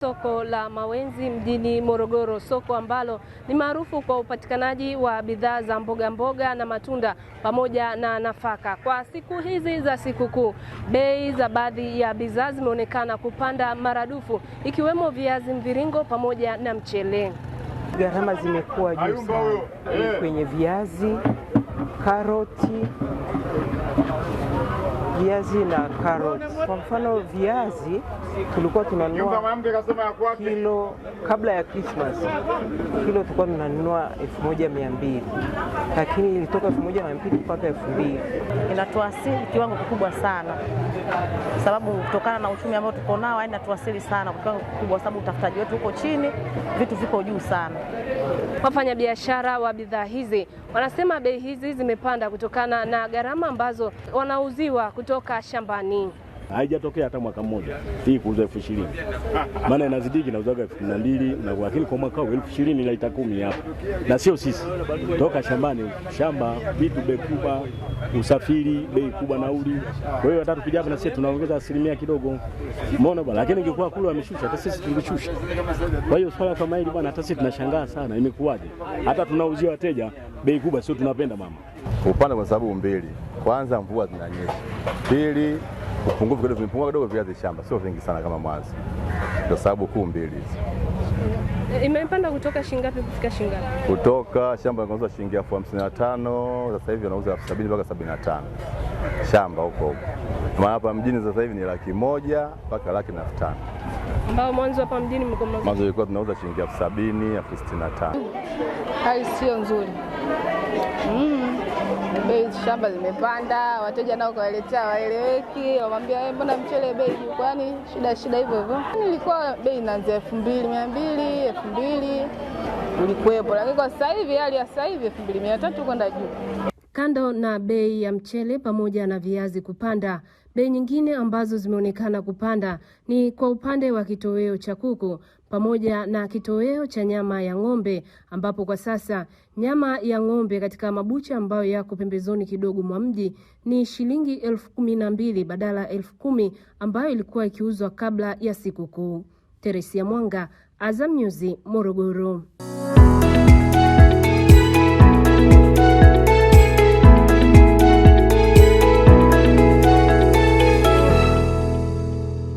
Soko la Mawenzi mjini Morogoro, soko ambalo ni maarufu kwa upatikanaji wa bidhaa za mboga mboga na matunda pamoja na nafaka. Kwa siku hizi za sikukuu, bei za baadhi ya bidhaa zimeonekana kupanda maradufu, ikiwemo viazi mviringo pamoja na mchele. Gharama zimekuwa juu sana eh. kwenye viazi, karoti viazi na karoti. Kwa mfano viazi tulikuwa tunanunua kilo kabla ya Christmas, kilo tulikuwa tunanunua elfu moja mia mbili lakini ilitoka elfu moja mia mbili mpaka elfu mbili inatuasiri kiwango kikubwa sana, sababu kutokana na uchumi ambao tuko nao, yani inatuasili sana kwa kiwango kikubwa, sababu utafutaji wetu huko chini, vitu viko juu sana. Wafanyabiashara wa bidhaa hizi wanasema bei hizi zimepanda kutokana na gharama ambazo wanauziwa kutoka kutoka shambani. Haijatokea hata mwaka mmoja hii kuuza elfu ishirini maana inazidiki nauzaga elfu kumi na mbili lakini kwa mwaka huu elfu ishirini na ita kumi hapa, na sio sisi toka shambani. Shamba vitu bei kubwa, usafiri bei kubwa, nauli. Kwa hiyo hata tukija hapa na sisi tunaongeza asilimia kidogo, umeona bwana. Lakini ingekuwa kule wameshusha, hata sisi tungeshusha. Kwa hiyo swala kama hili bwana, hata sisi tunashangaa sana, imekuwaje? Hata tunauzia wateja bei kubwa, sio tunapenda mama Kupanda kwa sababu mbili, kwanza mvua zinanyesha, pili upungufu kidogo, vimepungua kidogo viazi shamba, sio vingi sana kama mwanzo. Ndio sababu kuu mbili hizo. Eh, imepanda kutoka shilingi ngapi kufika shilingi ngapi? Kutoka shamba linauzwa shilingi elfu hamsini na tano sasa hivi anauza elfu sabini mpaka sabini na tano shamba huko huko, maana hapa mjini sasa hivi ni laki moja mpaka laki na elfu tano ambao mwanzo hapa mjini mwanzo ilikuwa tunauza shilingi elfu sabini elfu sitini na tano Hali sio nzuri mm bei shamba limepanda, wateja nao kawaletea waeleweki, wamwambia eh, mbona mchele bei juu, kwani shida shida hivyo hivyo. Nilikuwa yaani bei inaanzia elfu mbili mia mbili elfu mbili ulikuwepo, lakini kwa sasa hivi hali ya sasa hivi elfu mbili mia tatu kwenda juu. Kando na bei ya mchele pamoja na viazi kupanda, bei nyingine ambazo zimeonekana kupanda ni kwa upande wa kitoweo cha kuku pamoja na kitoweo cha nyama ya ng'ombe, ambapo kwa sasa nyama ya ng'ombe katika mabucha ambayo yako pembezoni kidogo mwa mji ni shilingi elfu kumi na mbili badala elfu kumi ambayo ilikuwa ikiuzwa kabla ya sikukuu. Teresia Mwanga, Azam News, Morogoro.